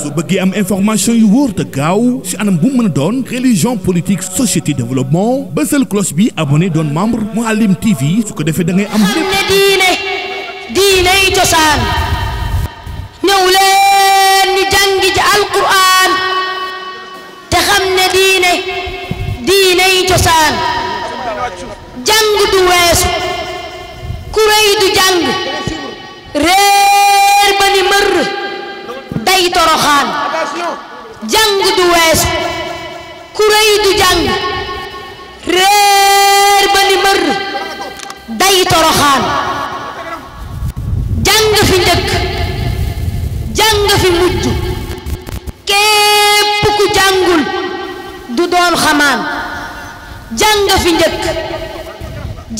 su bëggee am information yu wóor anam bu mën a doon religion politique société développement bi abonné doon membre Mouhalim TV su ko defee da am. ne diine diine yi cosaan ñëw leen ñu jàngi te xam ne diine diine yi ku du jàng réer ba ni mër day toroxaan jàng du weesu ku du jàng réer ba ni mër day toroxaan jàng fi njëkk jàng fi mujj képp ku jàngul du doon xamaan jàng fi njëkk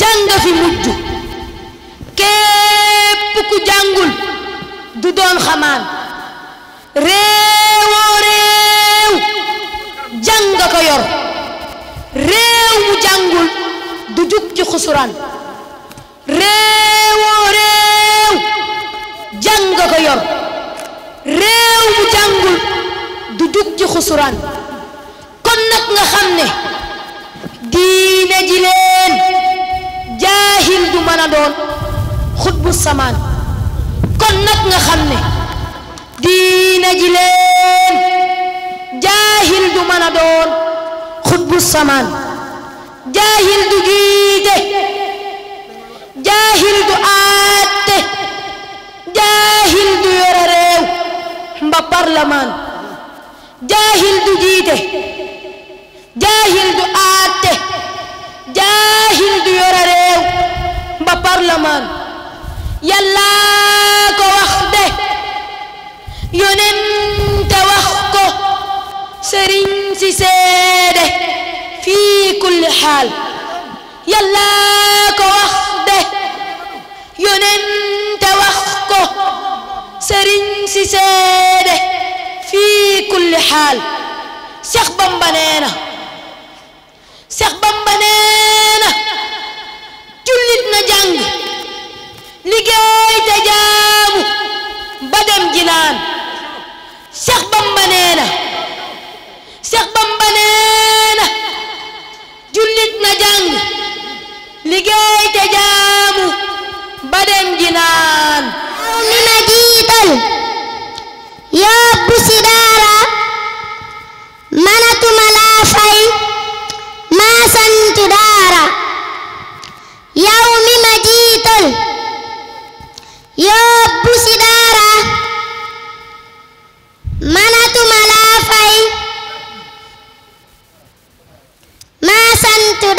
jàng fi mujj képp ku jàngul du doon xamaan réewoo réew jàng nga ko yor réew mu jàngul du jug xusuraan réewoo réew jàng nga ko yor réew mu jàngul du jug xusuraan kon nag nga xam ne diine ji leen jaahil du mën a doon xutbu samaan kon nag nga xam ne diina ji jaahil du mën a doon xutbu samaan jaahil du jiite jaahil du aatte jaahil du yore réew parlamaan yàlla ko wax de yonente wax ko sëriñ si seede fii kulli xaal yàlla ko wax de yonente wax ko sëriñ si seede fii kulli xaal Seex Bamba nee na Seex Bamba nee na jullit na jàng liggéey te jaamu ba dem jinaan Seex Bamba nee na Seex jullit na jàng liggéey te jaamu ba dem jinaan ni ma jiital bu si daara manatuma laa fay maa sant daara yow mi ma yóbbu ci daara manatuma laa fay maa santu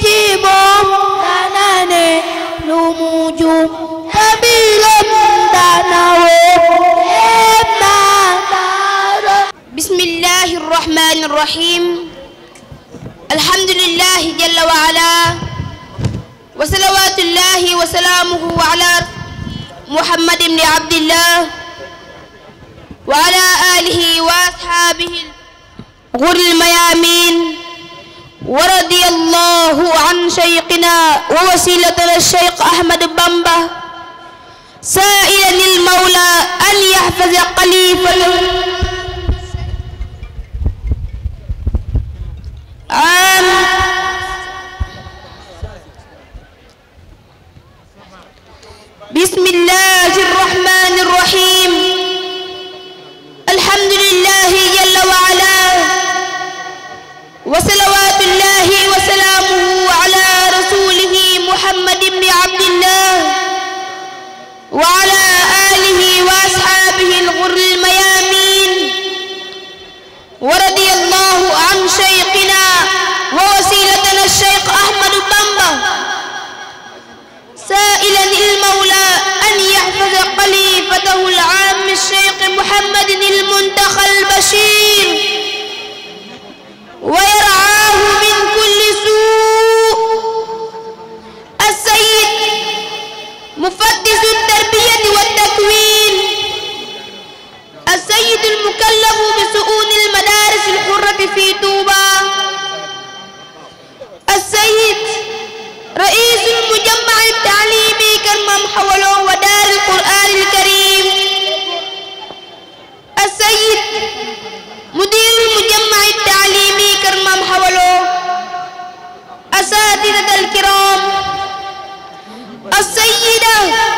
ci moom dana ne lu mu jum te bilam dana woo lépp dana bismillahi rahmani rahim alhamdulillahi jalla wa ala wa salawatullahi wa salaamuhu ala muhammad ibni abdillah wa ala alihi wa ashabihi ghuril mayamin ورضي الله عن شيخنا ووسيلتنا الشيخ أحمد بامبا سائلا المولى أن يحفظ خليفته آمين بسم الله الرحمن الرحيم سائلا المولى أن يحفظ خليفته العام الشيخ محمد المنتخى البشير ويرعاه من كل سوء السيد مفتش التربية والتكوين السيد المكلف بشؤون المدارس الحرة في تونس Fayda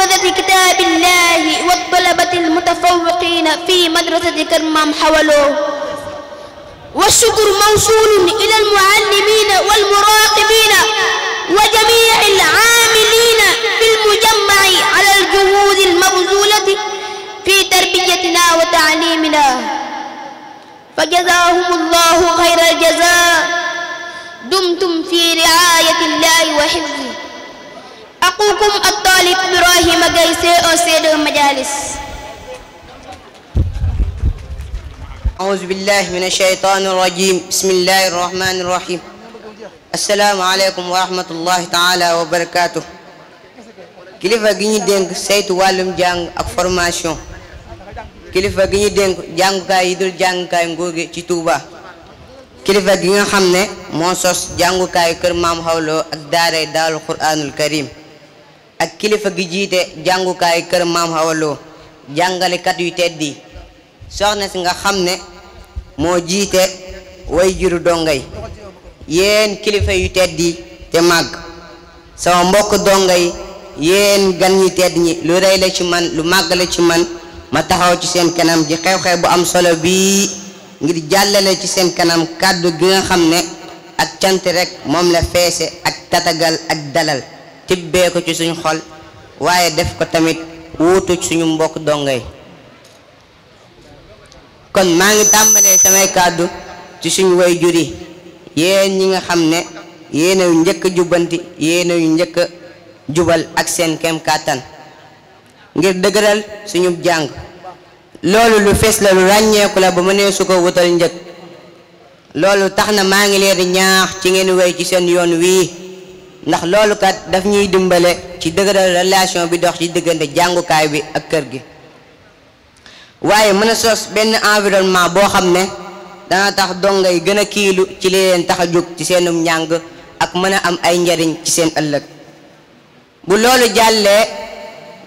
حفظة كتاب الله والطلبة المتفوقين في مدرسة كرمام حولوه والشكر موصول إلى المعلمين والمراقبين وجميع العاملين في المجمع على الجهود المبذولة في تربيتنا وتعليمنا فجزاهم الله خير الجزاء دمتم في رعاية الله وحفظه أخوكم الطالب إبراهيم جيسي أو سيد المجالس أعوذ بالله من الشيطان الرجيم بسم الله الرحمن الرحيم السلام عليكم ورحمة الله تعالى وبركاته kilifa gi ñu dénk saytu wàllum jàng ak formation kilifa gi ñu dénk jàngukaay yi dul jàngukaay nguur gi ci Touba kilifa gi nga xam ne moo sos jàngukaayu kër maam xawloo ak daaray daalul quraanul karim ak kilifa gi jiite jàngukaay kër maam Awaloo jàngalekat yu teddi soxna si nga xam ne moo jiite way juru dongay yéen kilifa yu teddi te màgg sama mbokk dongay yéen gan ñi tedd ñi lu rëy la ci man lu màgg la ci man ma taxaw ci seen kanam ji xew-xew bu am solo bii ngir jàllale ci seen kanam kàddu gi nga xam ne ak cant rek moom la feese ak tatagal ak dalal tibbee ko ci suñu xol waaye def ko tamit wutu suñu mbokk dongay kon maa ngi tàmbalee samay kàddu ci suñ way juri yéen ñi nga xam ne yéena yu njëkk jubbanti yéena yu njëkk jubal ak seen kem kàttan ngir dëgëral suñu jàng loolu lu fees la lu ràññeeku la ba mënee su ko wutal njëkk loolu tax na maa ngi leen ñaax ci ngeen way ci seen yoon wii ndax loolu kat daf ñuy dimbale ci dëgëral relation bi dox ci diggante jàngukaay bi ak kër gi waaye mën a sos benn environnement boo xam ne dana tax donga yi gën a kiilu ci li leen tax a jóg ci seenum njàng ak mën a am ay njariñ ci seen ëllëg bu loolu jàllee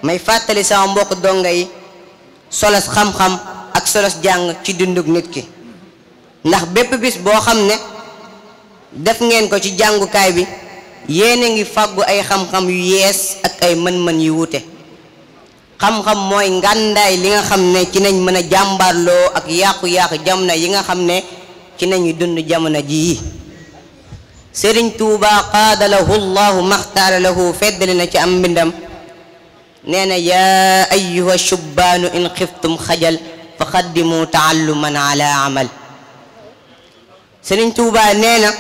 may fàttali sama mbokk donga yi solos xam-xam ak solos jàng ci dundug nit ki ndax bépp bis boo xam ne def ngeen ko ci jàngukaay bi yéen a ngi fàggu ay xam yu yees ak ay mën man yu wuute xam mooy ngàndaay li nga xam ne ci nañ mën a jàmbaarloo ak yàqu-yàqu jamono yi nga xam ne ci nañu dund jamono jii sëriñ tuubaa qaada lahu llahu maxtaara lahu feddali na ci am mbindam nee na yaa ayuha shubbaanu in xiftum xajal fa qaddimu taalluman ala amal sëriñ tuubaa nee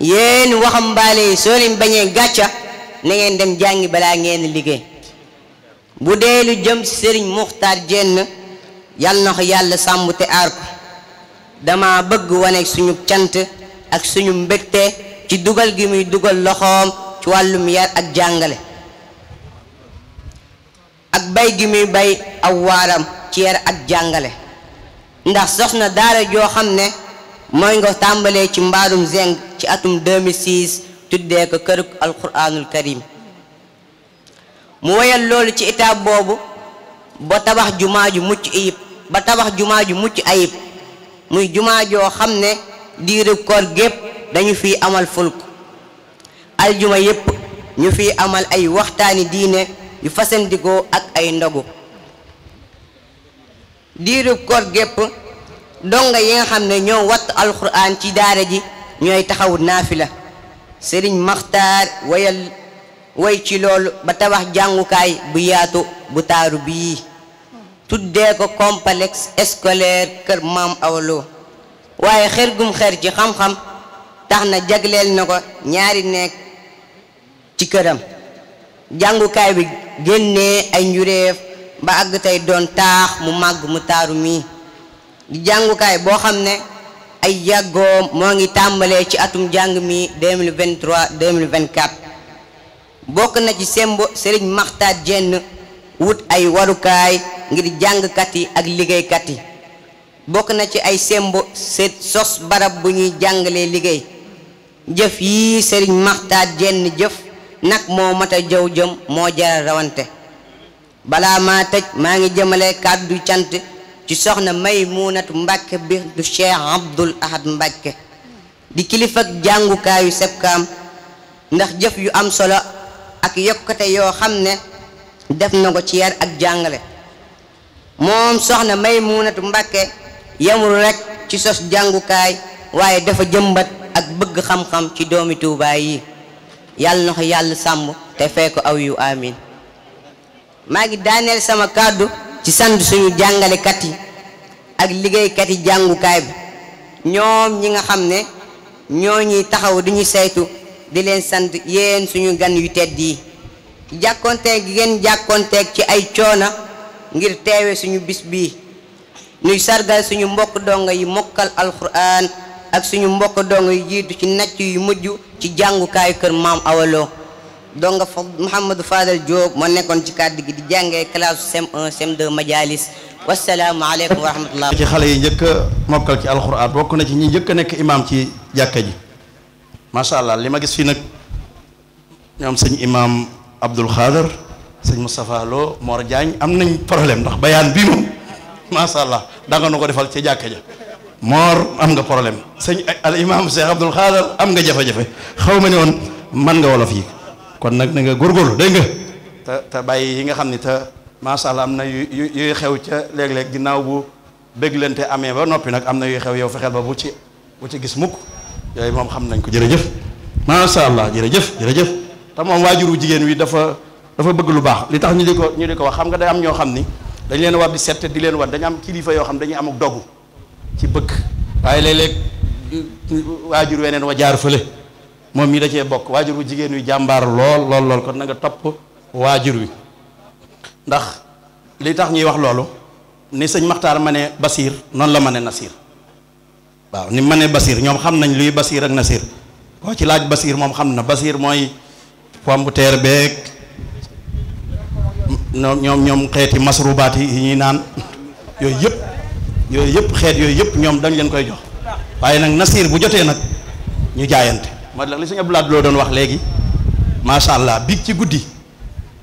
yéen waxambaane yi soo leen bañee gàcca na dem jàngi balaa ngeen liggéey bu dee lu jëm ci sëriñ muxtaar jenn yal na yàlla sàmm te aar dama bëgg wane suñu cant ak suñu mbégte ci dugal gi muy dugal loxoom ci wàllum yar ak jàngale ak bay gi muy bay aw waaram ci yar ak jàngale ndax soxna daara joo xam ne mooy nga tàmbalee ci mbaarum zeng ci atum 2006 tuddee ko kërug alquranul karim mu woyal loolu ci itaab boobu ba tabax jumaa ju mucc ayib muy jumaa joo xam ne diiru koor gépp dañu fi amal fulk aljuma yépp ñu fi amal ay waxtaani diine yu fasandikoo ak ay ndogu diiru koor gépp donga yi nga xam ne ñoo watt alxuraan ci daara ji ñooy taxaw naafila sëriñ maxtaar wayal way ci loolu ba tabax jàngukaay bu yaatu bu taaru bii tuddee ko complexe scolaire kër maam awlo waaye xer gum xer ci xam-xam tax na jagleel na ko ñaari nekk ci këram jàngukaay bi génnee ay njureef ba àgg tey doon taax mu màgg mu taaru mii di jàngukaay boo xam ne ay yàggoom moo ngi tàmbalee ci atum jàng mi 2023 2024 bokk na ci sembo sëriñ maxtaat jenn wut ay warukaay ngir jàngkat yi ak liggéeykat yi bokk na ci ay sembo seet sos barab bu ñuy jàngalee liggéey jëf yi sëriñ maxtaat jenn jëf nag moo mat a jaw jëm moo jara rawante balaa maa tëj maa ngi jëmale kàddu cant ci soxna Maymunatu Mbàkke bintu Cheikh Abdul Ahad Mbàkke di kilifa jàngukaayu sepkaam ndax jëf yu am solo ak yokkute yoo xam ne def na ko ci yar ak jàngale moom soxna Maymunatu Mbàkke yemul rekk ci sos jàngukaay waaye dafa jëmbat ak bëgg xam-xam ci doomi tuubaay yi yàlla na ko yàlla sàmm te fee ko aw yu amin maa ngi daaneel sama kàddu ci sant suñu jàngalekat yi ak liggéeykat yi jàngukaay bi ñoom ñi nga xam ne ñoo ñuy taxaw di ñu saytu di leen sand yéen suñu gan yu tedd yi jàkkonteeg gi ngeen ci ay coona ngir teewe suñu bis bi ñuy sargal suñu mbokk donga yi mokkal alquran ak suñu mbokk donga yu jiitu ci nacc yu mujj ci jàngukaayu kër maam awaloo donc Mouhamadou Fadal Diop moo nekkoon ci kàddu gi di jàngee classe CM1 CM2 majalis wasalaamualeykum wa rahmatullah ci xale yi njëkk a mokkal ci alxuraan bokk na ci ñi njëkk a nekk imaam ci jàkka ji macha allah li ma gis fii nag ñoom sëñ imaam Abdoul Khader sëñ Moustapha Lo Mor Diagne am nañ problème ndax bayaan bi moom macha allah danga nu ko defal ci jàkka ja Mor am nga problème sëñ al imaam Cheikh Abdoul Khader am nga jafe-jafe xaw ma ne woon man nga wolof fii kon nag na nga góorgóorlu dégg nga te te bàyyi yi nga xam ni te macha allah am na yu yuy xew ca léeg-léeg ginnaaw bu béglante amee ba noppi nag am na yuy xew yow fexeel ba bu ci bu ci gis mukk yooyu moom xam nañ ko jëf macha allah jëf jërëjëf jëf te moom waajuru jigéen wi dafa dafa bëgg lu baax li tax ñu di ko ñu di ko wax xam nga day am ñoo xam ni dañ leen war di set di leen war dañu am kilifa yoo xam dañuy am ak dogu ci bëgg waaye léeg-léeg waajur weneen wa jaar fële moom mii da cee bokk waajur wu jigéen wi jàmbaar lool lool lool kon na nga topp waajur wi ndax li tax ñuy wax loolu ni sëñ Maxtaar ma ne Basiir noonu la ma ne Nasiir waaw ni ma ne Basiir ñoom xam nañ luy Basiir ak Nasiir ci laaj Basiir moom xam na Basiir mooy pompe terre beeg ñoom ñoom xeeti masrubaat yi ñuy naan yooyu yëpp yooyu yëpp xeet yooyu yëpp ñoom dañ leen koy jox waaye nag Nasiir bu jotee nag ñu jaayante. ma li sëñ Abdou Lahad Lo doon wax léegi macha allah biig ci guddi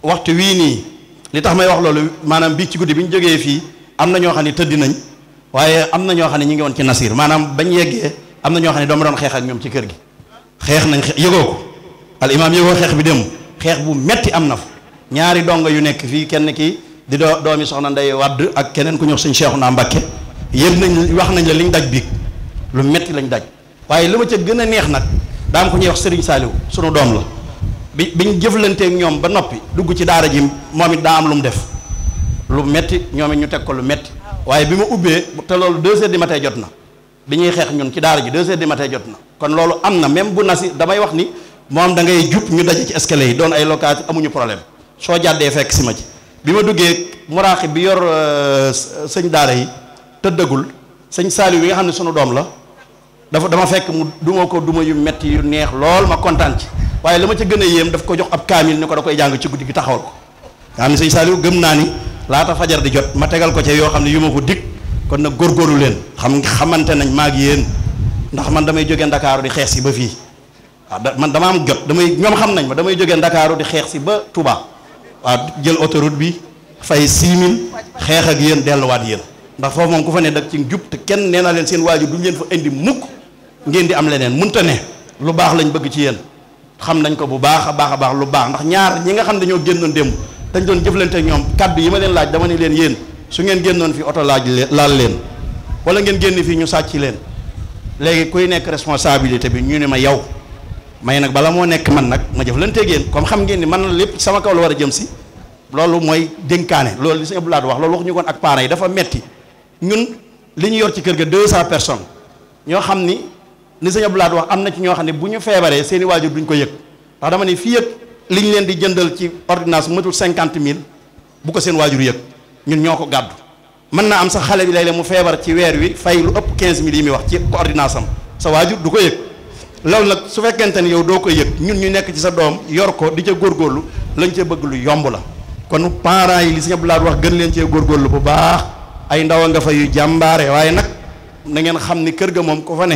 waxtu wii nii li tax may wax loolu maanaam biig ci guddi bi ñu jógee fii am na ñoo xam ne tëdd nañ waaye am na ñoo xam ne ñu ngi woon ci Nasir maanaam bañ am na xam ne dama doon xeex ak ñoom ci kër gi xeex nañ yëgoo ko al imaam yëgoo xeex bi dem xeex bu metti am na fa ñaari dongo yu nekk fii kenn ki di doo doomi soxna nday wadd ak keneen ku ñëw suñ Cheikhu naa Mbàkke yëg nañ wax nañ la liñ daj biig lu metti lañ daj waaye li ma gën a neex nag daa am ko ñuy wax Serigne saaliw sunu doom la bi biñ jëflanteek ñoom ba noppi dugg ci daara ji moom it daa am lu mu def lu metti ñoom it ñu teg ko lu metti waaye bi ma ubbee te loolu deux heures du jot na bi ñuy xeex ñun ci daara ji deux heures du jot na kon loolu am na même bu nasi damay wax ni moom da ngay jub ñu daje ci escalier yi doon ay locage amuñu problème soo jàddee fekk si ma ci bi ma duggee muraaxi bi yor euh, sëñ daara yi tëddagul sëñ Saliou bi nga xam ne sunu doom la dafa dama fekk mu duma ko duma yu metti yu neex lool ma kontaan ci waaye la ma ca gën a yéem daf ko jox ab kaamil ni ko da koy jàng ci guddi gi taxawal ko nga xam ne sëñ Saliou gëm naa ni laata fajar di jot ma tegal ko ci yoo xam ne yu ma ko dig kon nag góorgóorlu leen xam xamante nañ maa ngi yéen ndax man damay jógee Ndakaaru di xeex si ba fii man dama am jot damay ñoom xam nañ ma damay jóge Ndakaaru di xeex si ba Touba waa jël autoroute bi fay 6000 xeex ak yéen delluwaat yéen ndax foofu moom ku fa ne dag ci njub te kenn neena leen seen waajur duñ leen fa indi mukk ngeen di am leneen munta ne lu baax lañ bëgg ci yéen xam nañ ko bu baax a baax a baax lu baax ndax ñaar ñi nga xam dañoo génnoon démb dañ doon jëflante ñoom kàddu yi ma leen laaj dama ni leen yéen su ngeen génnoon fi oto laaj laal leen wala ngeen génn fii ñu sàcc leen léegi kuy nekk responsabilité bi ñu ne ma yow may nag bala moo nekk man nag ma jëflanteeg yéen comme xam ngeen ni man lépp sama kaw la war a jëm si loolu mooy dënkaane loolu li sëñ Abdou wax loolu wax ñu koon ak parents yi dafa metti ñun li ñu yor ci kër ga 200 personnes ñoo xam ni li sëñ Abdoulaye wax am na ci ñoo xam ne bu ñu feebaree seen i waajur duñ ko yëg ndax dama ne fii ak li ñu leen di jëndal ci ordonnance matul cinquante mille bu ko seen waajur yëg ñun ñoo ko gàddu mën naa am sa xale bi léeg-léeg mu feebar ci weer wi fay lu ëpp quinze mille yi muy wax ci ordonnance am sa waajur du ko yëg loolu nag su fekkente ni yow doo ko yëg ñun ñu nekk ci sa doom yor ko di ca góorgóorlu lañ ca bëgg lu yomb la kon parents yi li sëñ wax gën leen cee góorgóorlu bu baax a nga fa yu jàmbaare waaye nag na ngeen xam ni kër ga moom ko fa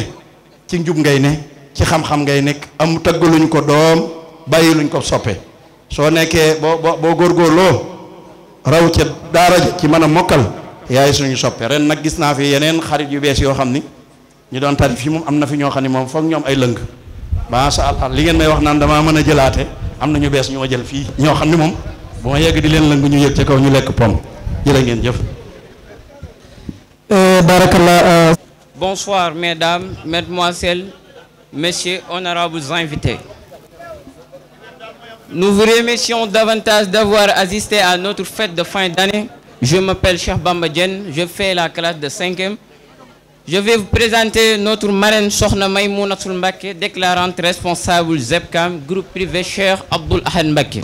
ci njub ngay ne ci xam-xam ngay nekk am taggaluñ ko doom bàyyi luñ ko soppe soo nekkee boo boo boo góorgóorloo raw ca daara ci mën a mokkal yaay suñu soppe ren nag gis naa fi yeneen xarit yu bees yoo xam ni ñu doon tarif yi moom am na fi ñoo xam ne moom foog ñoom ay lëng macha allah li ngeen may wax naan damaa mën a jëlaate am na ñu bees ñoo jël fii ñoo xam ni moom bu ma yegg di leen lëng ñu yëg ca kaw ñu lekk pom jërë ngeen jëf eh, Bonsoir, mesdames, mesdemoiselles, messieurs, honorables invités. Nous vous remercions davantage d'avoir assisté à notre fête de fin d'année. Je m'appelle Cheikh Bamba Diène, je la classe de 5e. Je vais vous présenter notre marraine Sokhna Maïmounatoul Mbacké, déclarante responsable ZEPCAM, groupe privé Cheikh Abdoul Ahad Mbacké.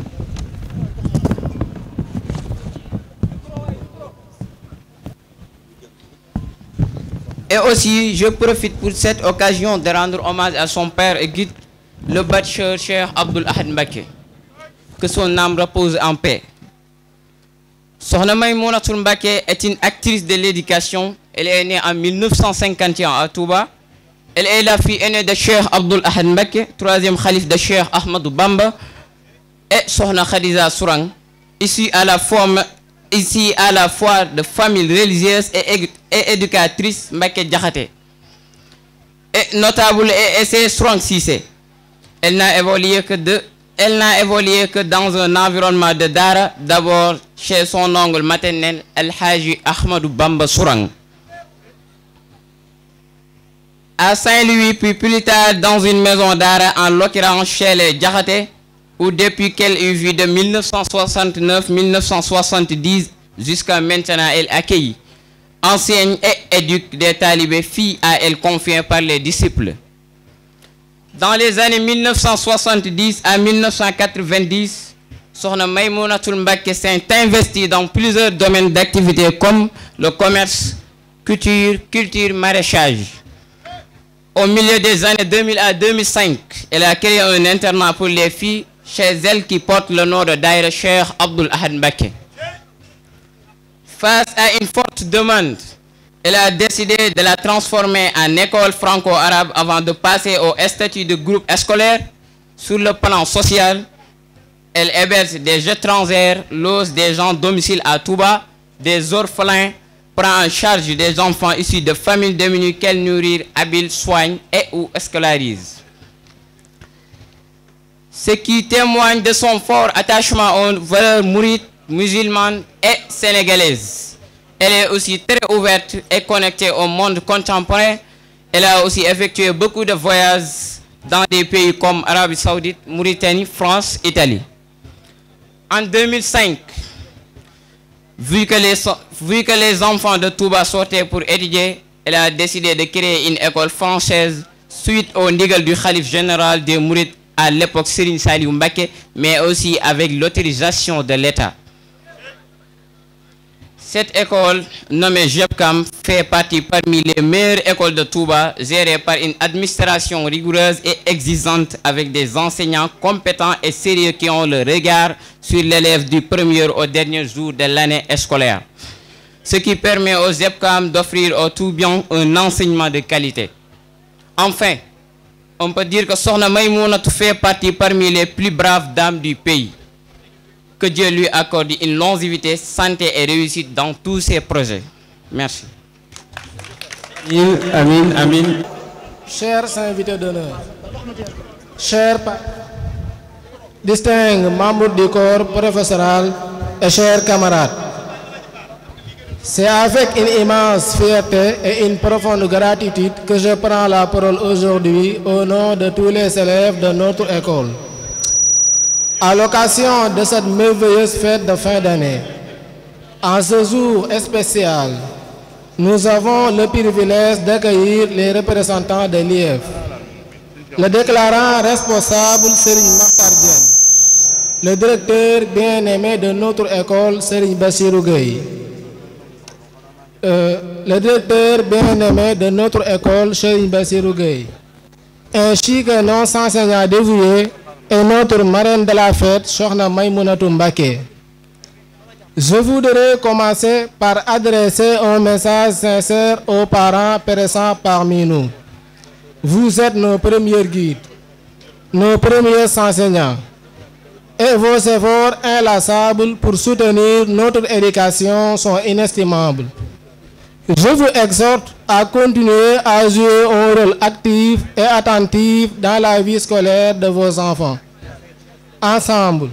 Et aussi, je profite pour cette occasion de rendre hommage à son père et guide, le bacheur Cheikh Abdoul Ahad Mbacké. Que son âme repose en paix. Sokhna Maïmounatoul Mbacké est une actrice de l'éducation. Elle est née en 1951 à Touba. Elle est la fille aînée de Cheikh Abdoul Ahad Mbacké, troisième khalife de Cheikh Ahmadou Bamba et Sokhna Khadija Sourang, issue à la forme ici à la foire de famille religieuse et, et éducatrice Mbake notable et essai Strong Elle n'a évolué que dans un environnement de Dara, d'abord chez son oncle maternel, El Haji Bamba Sourang. À louis puis plus tard dans une maison d'Ara, en l'occurrence chez les Djakate, où depuis qu'elle est vue de 1969-1970 jusqu'à maintenant, elle accueille, enseigne et éduque des talibés, filles à elle confiées par les disciples. Dans les années 1970 à 1990, Sohna Maïmounatul Mbaké s'est investie dans plusieurs domaines d'activité comme le commerce, culture, culture, maraîchage. Au milieu des années 2000 à 2005, elle a créé un internat pour les filles chez elle qui porte le nom de Daïra Cheikh Abdul Ahad Mbaké. Face à une forte demande, elle a décidé de la transformer en école franco-arabe avant de passer au statut de groupe scolaire. Sur le plan social, elle héberge des jeunes transfert, lose des gens domicile à tout Touba, des orphelins, prend en charge des enfants issus de familles démunies qu'elle nourrit, habille, soigne et ou scolarise. ce qui témoigne de son fort attachement aux valeurs mourides, musulmanes et sénégalaises. Elle est aussi très ouverte et connectée au monde contemporain. Elle a aussi effectué beaucoup de voyages dans des pays comme Arabie Saoudite, Mauritanie, France, Italie. En vu que les, vu que les enfants de Touba sortaient pour étudier, elle a décidé de créer une école française suite au ndigal du Khalif général des Mourides à l'époque Serigne Saliou Mbacké mais aussi avec l'autorisation de l'État. Cette école nommée JEPCAM fait partie parmi les meilleures écoles de Touba, gérée par une administration rigoureuse et exigeante avec des enseignants compétents et sérieux qui ont le regard sur l'élève du premier au dernier jour de l'année scolaire. Ce qui permet aux JEPCAM d'offrir aux Toubians un enseignement de qualité. Enfin, on peut dire que Sokhna Maïmounate fait partie parmi les plus braves dames du pays. Que Dieu lui accorde une longévité, santé et réussite dans tous ses projets. Merci. Amin, amin, amin. Chers invités d'honneur, chers distingués membres du corps C'est avec une immense fierté et une profonde gratitude que je prends la parole aujourd'hui au nom de tous les élèves de notre école. À l'occasion de cette merveilleuse fête de fin d'année, en ce jour spécial, nous avons le privilège d'accueillir les représentants des l'IEF. Le déclarant responsable Serigne Makhtar Diène, le directeur bien-aimé de notre école Serigne Bassirou Gueye Euh, le directeur bien-aimé de notre école, Cheikh Bassirou Gueye, ainsi que nos enseignants dévoués et notre marraine de la fête, Sokhna Maïmounatou Mbacké. Je voudrais commencer par adresser un message sincère aux parents présents parmi nous. Vous êtes nos premiers guides, nos premiers enseignants, et vos efforts inlassables pour soutenir notre éducation sont inestimables. Je vous exhorte à continuer à jouer un rôle actif et attentif dans la vie scolaire de vos enfants. Ensemble,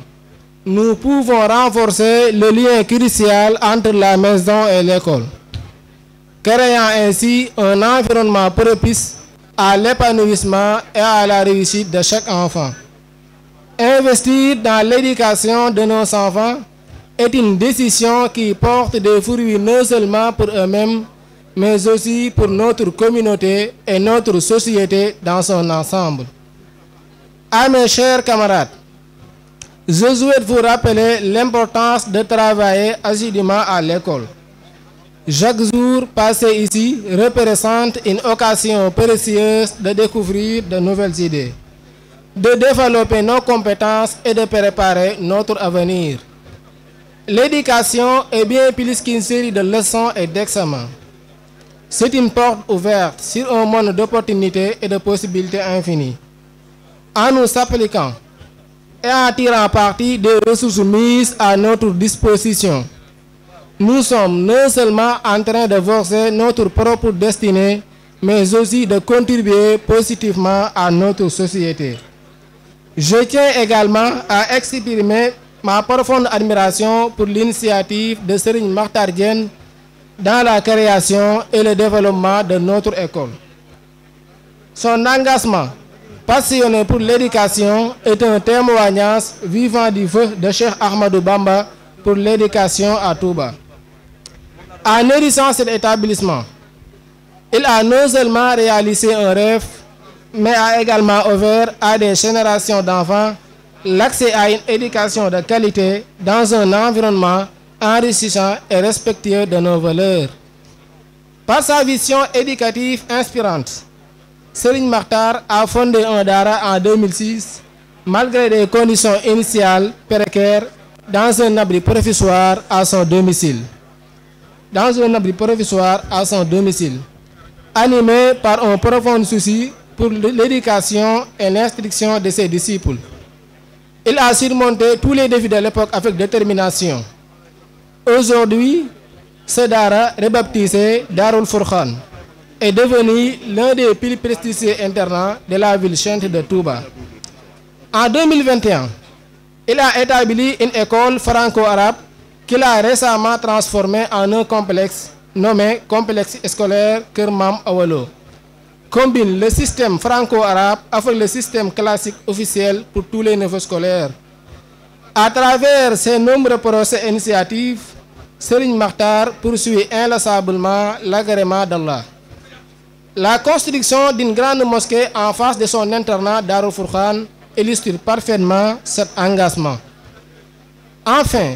nous pouvons renforcer le lien crucial entre la maison et l'école, créant ainsi un environnement propice à l'épanouissement et à la réussite de chaque enfant. Investir dans l'éducation de nos enfants est une décision qui porte des fruits non seulement pour eux-mêmes, mais aussi pour notre communauté et notre société dans son ensemble. À mes chers camarades, je souhaite vous rappeler l'importance de travailler assidûment à l'école. Chaque jour passé ici représente une occasion précieuse de découvrir de nouvelles idées, de développer nos compétences et de préparer notre avenir. L'éducation est bien plus qu'une série de leçons et d'examens. C'est une porte ouverte sur un monde d'opportunités et de possibilité infinies. En nous s'appliquant et en tirant parti des ressources mises à notre disposition, nous sommes non seulement en train de forcer notre propre destinée, mais aussi de contribuer positivement à notre société. Je tiens également à exprimer ma profonde admiration pour l'initiative de Serigne Makhtar dans la création et le développement de notre école. Son engagement passionné pour l'éducation est un témoignage vivant du vœu de Cheikh Ahmadou Bamba pour l'éducation à Touba. En hérissant cet établissement, il a non seulement réalisé un rêve, mais a également ouvert à des générations d'enfants l'accès à une éducation de qualité dans un environnement enrichissant et respectueux de nos valeurs. Par sa vision éducative inspirante, Serigne Makhtar a fondé un daara en 2006 malgré des conditions initiales précaires dans un abri provisoire à son domicile. Dans un abri provisoire à son domicile, animé par un profond souci pour l'éducation et l'instruction de ses disciples. Il a surmonté tous les défis de l'époque avec détermination. Aujourd'hui, ce rebaptisé Darul Furqan, est devenu l'un des plus prestigieux internats de la ville sainte de Touba. En 2021, il a établi une école franco-arabe qu'il a récemment transformée en un complexe nommé Complexe scolaire Kër Maam Awalo. combine le système franco-arabe avec le système classique officiel pour tous les niveaux scolaires. À travers ces nombreux procès initiatives, Serigne Makhtar poursuit inlassablement l'agrément d'Allah. La construction d'une grande mosquée en face de son internat Darou Fourkhan illustre parfaitement cet engagement. Enfin,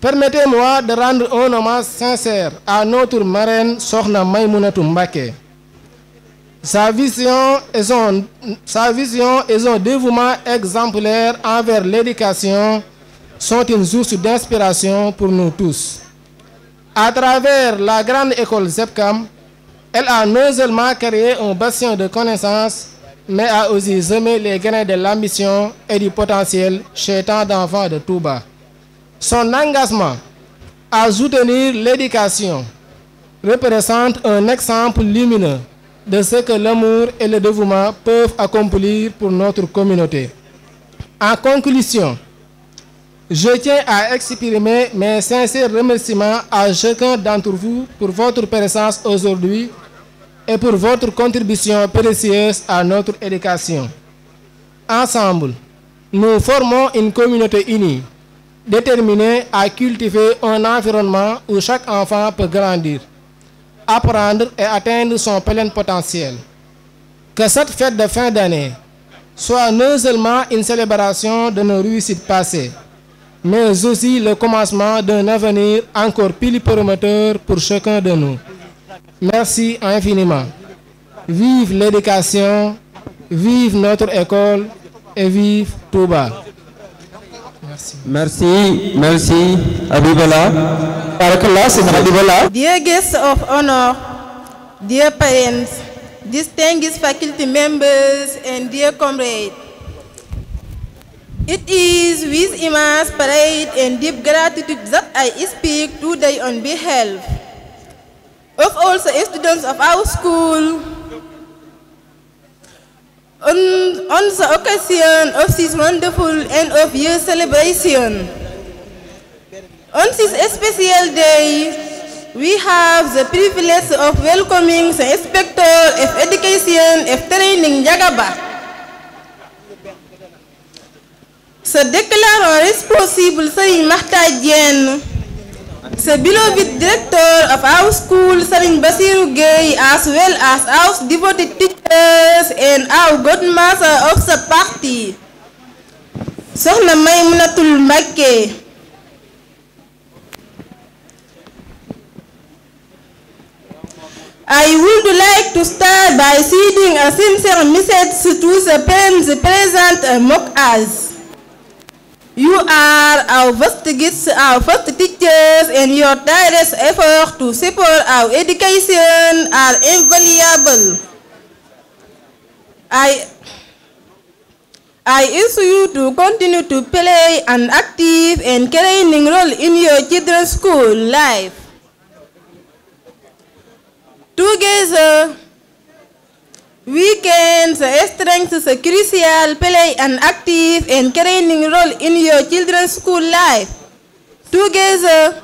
permettez-moi de rendre un hommage sincère à notre marraine Sokhna Maïmounatou Mbacké. Sa vision et son, sa vision et son dévouement exemplaire envers l'éducation sont une source d'inspiration pour nous tous. À travers la grande école ZEPCAM, elle a non seulement créé un bastion de connaissances, mais a aussi semé les grains de l'ambition et du potentiel chez tant d'enfants de tout bas. Son engagement à soutenir l'éducation représente un exemple lumineux de ce que l'amour et le dévouement peuvent accomplir pour notre communauté. En conclusion, je tiens à exprimer mes sincères remerciements à chacun d'entre vous pour votre présence aujourd'hui et pour votre contribution précieuse à notre éducation. Ensemble, nous formons une communauté unie, déterminée à cultiver un environnement où chaque enfant peut grandir apprendre et atteindre son plein potentiel. Que cette fête de fin d'année soit non seulement une célébration de nos réussites passées, mais aussi le commencement d'un avenir encore plus prometteur pour chacun de nous. Merci infiniment. Vive l'éducation, vive notre école et vive Touba. Merci, merci, Abibala. Barakallah, Dear guests of honor, dear parents, distinguished faculty members, and dear comrades, it is with immense pride and deep gratitude that I speak today on behalf of also students of our school On, on the occasion of this wonderful end of year celebration, on this special day, we have the privilege of welcoming the Inspector of Education of Training Jagaba. The beloved director of our school, Sarin Basiru Gay, as well as our devoted teachers and our godmother of the party, Sohna Maimunatul Makke. I would like to start by sending a sincere message to the parents present among us. You are our first guides, our first teachers, and your tireless effort to support our education are invaluable. I, I to continue to play an active and caring role in your children's school life. Weekends strengths are crucial. Play an active and caring role in your children's school life. Together,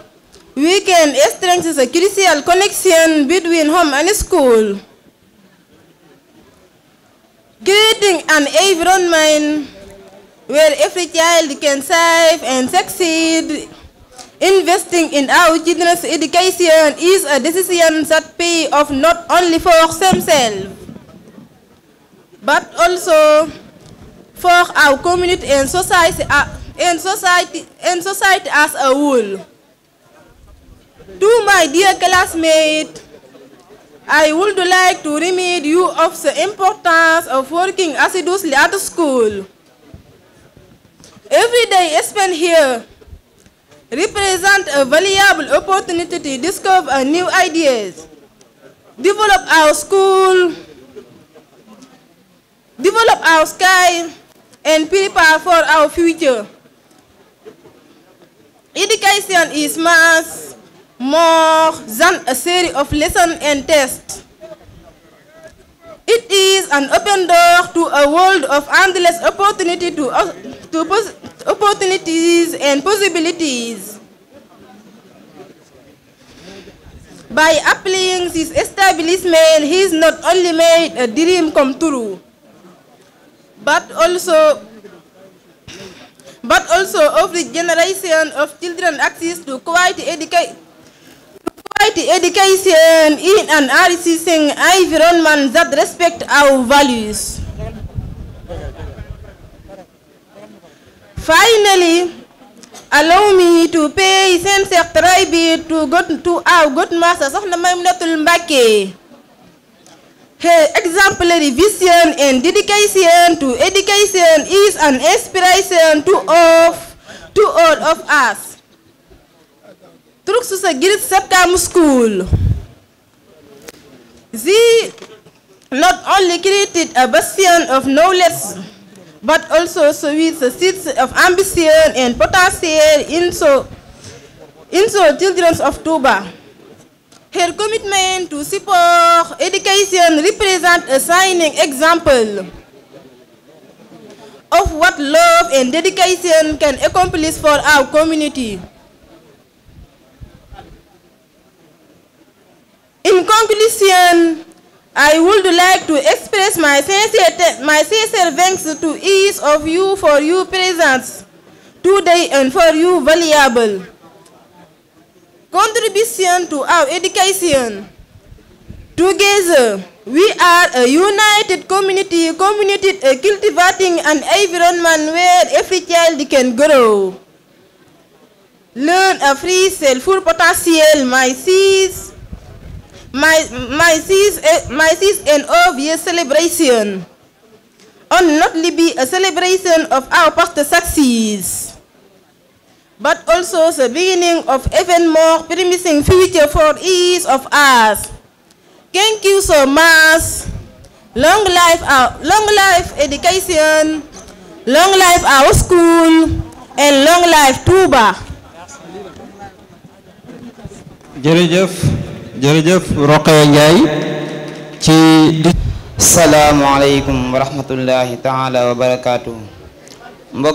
weekend strengths a crucial connection between home and school. Creating an environment where every child can thrive and succeed. Investing in our children's education is a decision that pays off not only for themselves. but also for our community and society, uh, as a whole. To my dear classmates, I would like to remind you of the importance of working assiduously at school. Every day spent here represent a valuable opportunity to discover new ideas, develop our school develop our sky and prepare for our future. Education is much more than a series of lessons and tests. It is an open door to a world of endless uh, opportunities and possibilities. By applying this establishment, he has not only made a dream come true, but also but also of the generation of children access to quality education in an enriching environment that respect our values. Finally, allow to pay sincere tribute to, God, to our good master Sokhna Maymunatul Mbacké. exemplary vision and dedication to education is an inspiration to all, to all of us. Through the Great Sepcam School, she not only created a bastion of knowledge, but also sowed the seeds of ambition and potential in so, in of Tuba. Her commitment to support education represents a shining example of what love and dedication can accomplish for our community. In conclusion, I would like to express my sincere, thanks to each of you for your presence today and for your valuable contribution to our education. Together, we are a united community, community uh, cultivating an environment where every child can grow. Learn a free cell full potential, my sis, my, my sis, uh, my celebration. And not be a celebration of our past success. but also the beginning of even more promising future for each of us. Thank you so much. Long life our, school, and long life Touba. jërëjëf jërëjëf Roqee Ndiaye ci di salaamaaleykum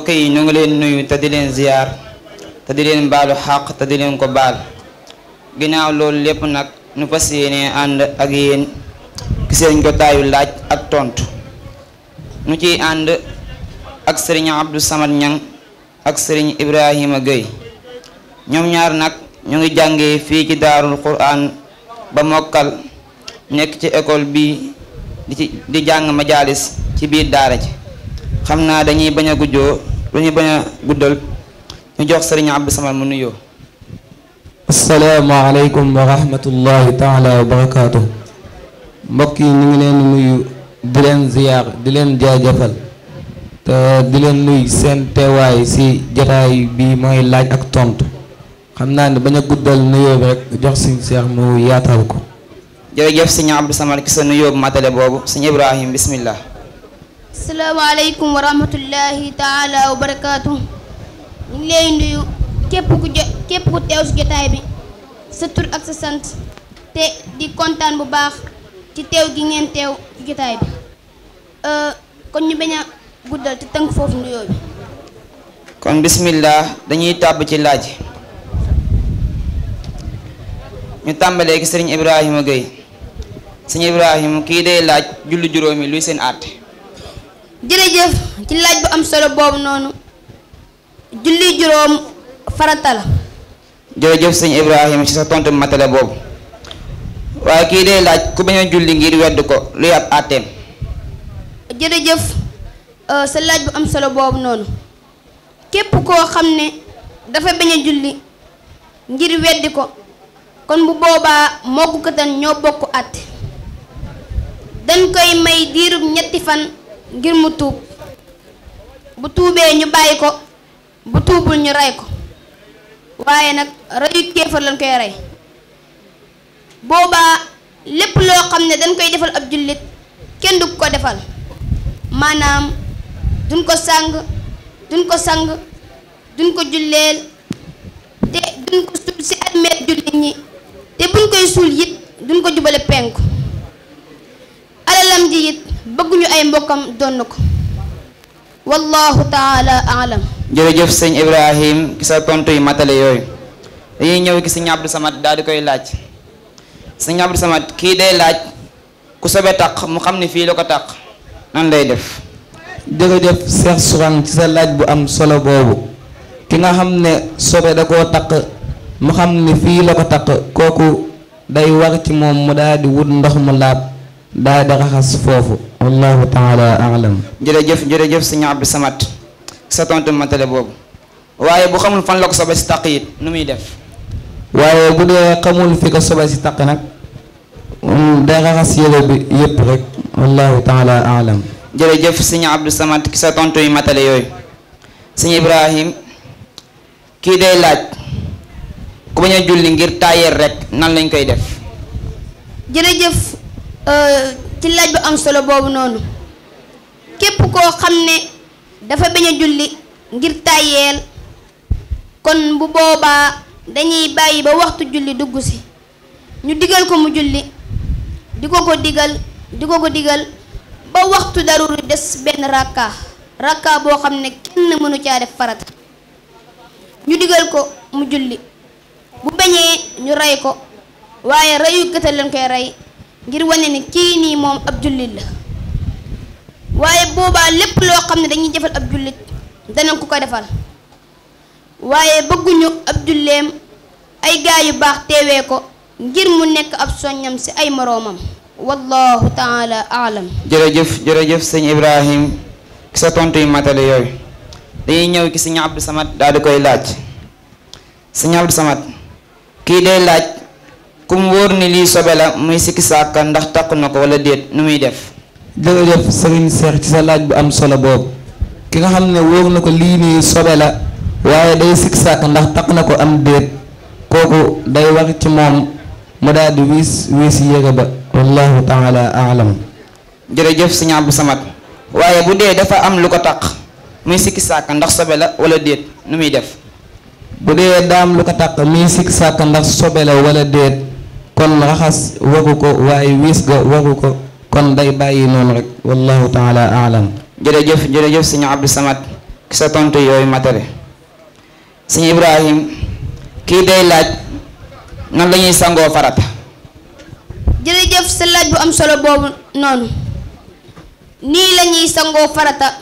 yi ñu ngi leen nuyu te te di leen baalu xaq te di leen ko baal ginnaaw loolu lépp nag nu fas yéene ànd ak yéen ki seen jotaayu laaj ak tontu nu ciy ànd ak sëriñ Abdou Samad Ñang ak sëriñ Ibrahima Gueye ñoom ñaar nag ñu ngi jàngee fii ci daarul Qur'an ba mokkal nekk ci école bi di di jàng majalis ci biir daara ji xam naa dañuy bañ a bañ a guddal ñu jox sëriñ Abdou Samad mu nuyoo. asalaamaaleykum wa rahmatullahi taala wa barakaatu. mbokk yi ñu ngi leen nuyu di leen ziyaar di leen jaajëfal. te di leen nuyu seen teewaay si jataay bi mooy laaj ak tontu. xam naa ne bañ a guddal nuyoo bi rek jox suñu seex mu yaatal ko. jërëjëf sëñ Abdou Samad ki sa nuyoo matale boobu sëñ Ibrahim bismillah. ñu ngi lay nuyu képp ku jo képp ku teew si bi sa tur ak sa sant te di kontaan bu baax ci teew gi ngeen teew ci jotaay bi euh, kon ñu bañ guddal te tënk foofu nuyoo bi. kon bismillah dañuy tàbb ci laaj ñu tàmbalee ki sëriñ Ibrahima Gueye sëriñ Ibrahima kii day laaj julli juróomi luy seen àtte. jërëjëf ci laaj bu am solo boobu noonu. julli juróom farata la jërëjëf sëñ Ibrahima ci sa tontu matale boobu waaye kii day laaj ku bañ a julli ngir wedd ko luy ab àtteem jërëjëf euh, sa laaj bu am solo boobu noonu képp koo xam ne dafa bañ a julli ngir weddi ko kon bu boobaa moggukatan ñoo bokk àtte dañ koy may diirub ñetti fan ngir mu tuub bu tuubee ñu bàyyi ko bu tuubul ñu rey ko waaye nag reyu kéefar lañ koy rey boobaa lépp loo xam ne dañ koy defal ab jullit kenn du ko defal maanaam duñ ko sàng duñ ko sang duñ ko julleel te duñ ko suul ci armeel jullit ñi te buñ koy suul it duñ ko jubale penku alalam ji it bëgguñu ay mbokkam donn ko wallahu taala alam jërëjëf sëñ Ibrahim ki sa tontu yu matale yooyu dañuy ñëw ki sëñ Abdou Samad daal di koy laaj sëñ Abdou Samad kii day laaj ku sobe taq mu xam ne fii la ko taq nan lay def jërëjëf Cheikh Sourang ci sa laaj bu am solo boobu ki nga xam ne sobe da koo taq mu xam ne fii la ko taq kooku day war ci moom mu daal di wut ndox mu laab daa di raxas foofu wallahu taala alam jërëjëf jërëjëf sëñ samat Samad sa tontu matale boobu waaye bu xamul fan la ko sobe si taq it nu muy def waaye bu dee xamul fi ko sobe si taq nag mm, day raxas yële bi yëpp rek wallahu taala alam jërëjëf sëñ Abdou Samad ki sa tontu yi matale yooyu sëñ Ibrahim kii day laaj ku bañ julli ngir taayeer rek nan lañ koy def ci laaj bu am solo boobu noonu képp koo xam ne dafa bañ julli ngir tàyyeel kon bu boobaa dañuy bàyyi ba waxtu julli dugg si ñu digal ko mu julli di ko ko digal di ko ko digal ba waxtu daruri des benn ràkkaa rakka boo xam ne kenn mënu caa def farata ñu digal ko mu julli bu bañee ñu rey ko waaye reyu gëtal lañ koy rey ngir wane ni kii nii moom ab jullit la waaye boobaa lépp loo xam ne dañuy jëfal ab jullit dana ko ko defal waaye bëgguñu ab julleem ay gaa yu baax teewee ko ngir mu nekk ab soññam si ay moroomam wallahu taala aalam jërëjëf jërëjëf sëñ Ibrahim ki sa tontu yu matale yooyu dañuy ñëw ki sëñ Abdou Samad daal di koy laaj sëñ Abdou Samad kii day laaj kum wóor ni lii sobe la muy sikki sàkka ndax takk na ko wala déet nu muy def jërëjëf sëriñ Seex ci sa laaj bu am solo boobu ki nga xam ne wóor na ko lii nii sobe la waaye day sikki sàkk ndax takk na ko am déet kooku day war ci moom mu daldi di wiis wiis yére ba wallahu taala alam jërëjëf sëñ Abdou Samad waaye bu dee dafa am lu ko taq muy sikki sàkk ndax sobe la wala déet nu muy def bu dee daam lu ko taq muy sikki sàkk ndax sobe la wala déet kon raxas waru ko waaye wiis ga waru ko kon day bàyyi noonu rek wallahu taala alam jërëjëf jërëjëf sëñ Abdou Samad ki sa tontu yooyu matare sëñ Ibrahim kii day laaj nan lañuy sangoo farata jërëjëf sa laaj bu am solo boobu noonu nii lañuy sangoo farata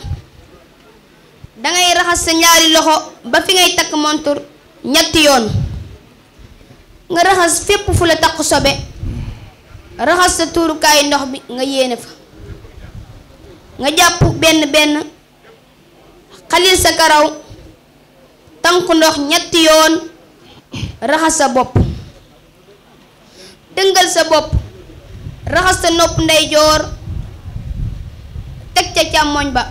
dangay raxas sa ñaari loxo ba fi ngay takk montur ñetti yoon nga raxas fépp fu la taq sobe raxas sa tuurukaayu ndox bi nga yéene fa nga jàpp benn benn xalil sa karaw tànk ndox ñetti yoon raxas sa bopp dëngal sa bopp raxas sa nopp ndeyjoor teg ca càmmoñ ba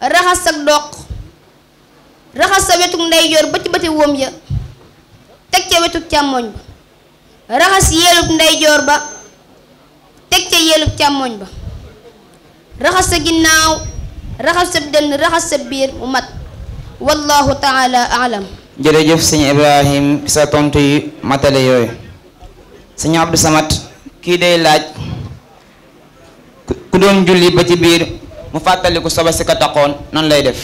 raxas sa doq raxas sa wetuk ndeyjoor ba ci bati wóom ya teg ca wetu càmmoñ ba raxas yelub ndeyjoor ba teg ca yelub càmmoñ ba raxas sa ginnaaw raxas sa dënn raxas sa biir mu mat wallahu taala alam jërëjëf sëñ Ibrahim sa tontu yi matale yooyu sëñ Abdou Samad kii day laaj ku doon julli ba ci biir mu fàttaliku soba si ko taxoon noonu lay def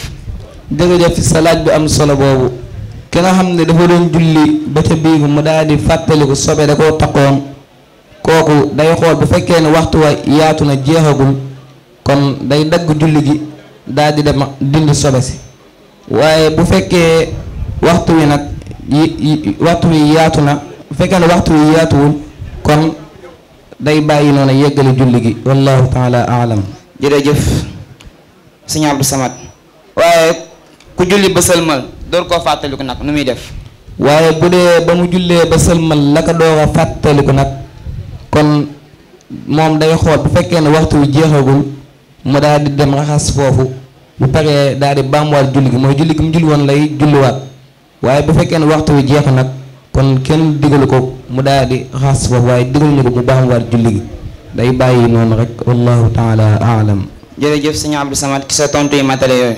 jërëjëf sa laaj bi am solo boobu ki nga xam ne dafa doon julli ba ca biir mu daal di fàttaliku sobe da koo takkoon kooku day xool bu fekkee ne waxtu wa yaatu na jeexagul kon day dagg julli daal di dem dindi sobe si waaye bu fekkee waxtu wi nag waxtu wi yaatu na bu fekkee ne waxtu wi yaatuwul kon day bàyyi noonu yeggale julli gi wallahu taala aalam jërëjëf sëñ Abdou Samad waaye ku julli bësalmal door koo fàttaliku nag nu muy def waaye bu dee ba mu jullee ba sëlmal la ko doog a fàttaliku nag kon moom day xool bu fekkee ne waxtu wi jeexagul mu daal di dem raxas foofu bu paree daal di baamuwaat julli gi mooy julli gi mu julli woon lay julliwaat waaye bu fekkee ne waxtu wi jeexu nag kon kenn digalu ko mu daal di raxas foofu waaye digaluñu ko mu baamuwaat julli gi day bàyyi noonu rek wallahu taala aalam jërëjëf sëñ Abdou Samad ci sa tontu yi matale yooyu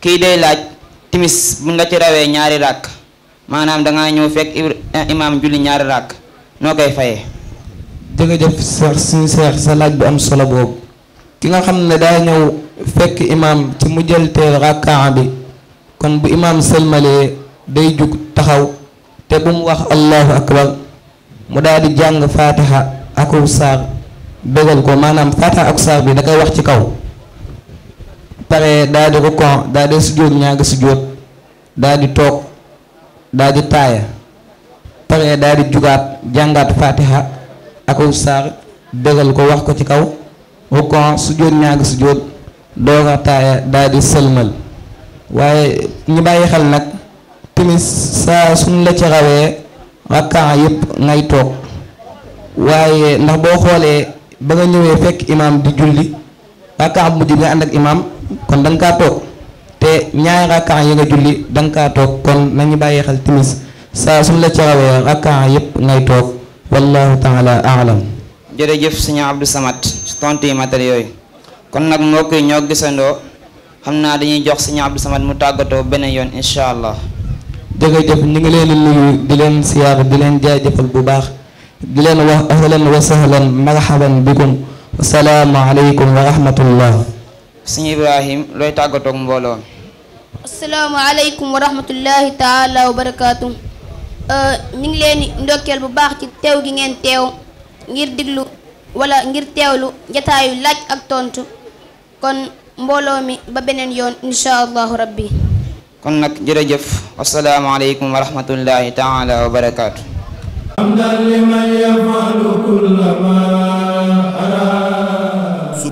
kii day laaj timis bu nga ci rawee ñaari ràkk maanaam danga ñëw fekk eh, imaam julli ñaari ràkk noo koy fayee jërëjëf suñu seex sa laaj bi am solo boobu ki nga xam ne daa ñëw fekk imaam ci mujjalteel rakkaa bi kon bu imaam sëlmalee day jug taxaw te bu mu wax allahu akbar mu daal di jàng faatiha ak saar bégal ko maanaam faatiha ak saar bi da koy wax ci kaw pare daal di rukkon daal di sujjóot ñaari sujjóot daal di toog daal di taaya pare daal di jugaat jàngaat fatiha ak saar bégal ko wax ko ci kaw rukkon sujjóot ñaari sujjóot doog a taaya daal di sëlmal waaye ñu bàyyi xel nag timis sa suñ la ci rawee rakkaan yépp ngay toog waaye ndax boo xoolee ba nga ñëwee fekk imaam di julli rakkaan bu mujj nga ànd ak imaam kon da nga kaa toog te ñaari rakka yi nga julli da toog kon nañu bàyyi xel timis saa suñu la ci rakka yëpp ngay toog wallahu taala alam jërëjëf sëñ Abdou suñu ci tontu yi matal kon nag mbokk yi ñoo gisandoo xam naa dañuy jox sëñ Abdou Samad mu tàggatoo beneen yoon incha allah. jërëjëf ñu ngi leen di nuyu di leen siyaar di leen jaajëfal bu baax di leen wax ahlan wa sahlan marhaban bikum salaamu aleykum wa rahmatullah sëñ Ibrahim looy tàggatoog mbooloo asalaamaaleykum wa rahmatullahi taala wa barakaatu euh, ñu ngi leen ndokkeel bu baax ci teew gi ngeen teew ngir diglu wala ngir teewlu jataayu laaj ak tontu kon mbooloo mi ba beneen yoon insha allahu rabbi kon nag jërëjëf asalaamaaleykum wa rahmatullahi taala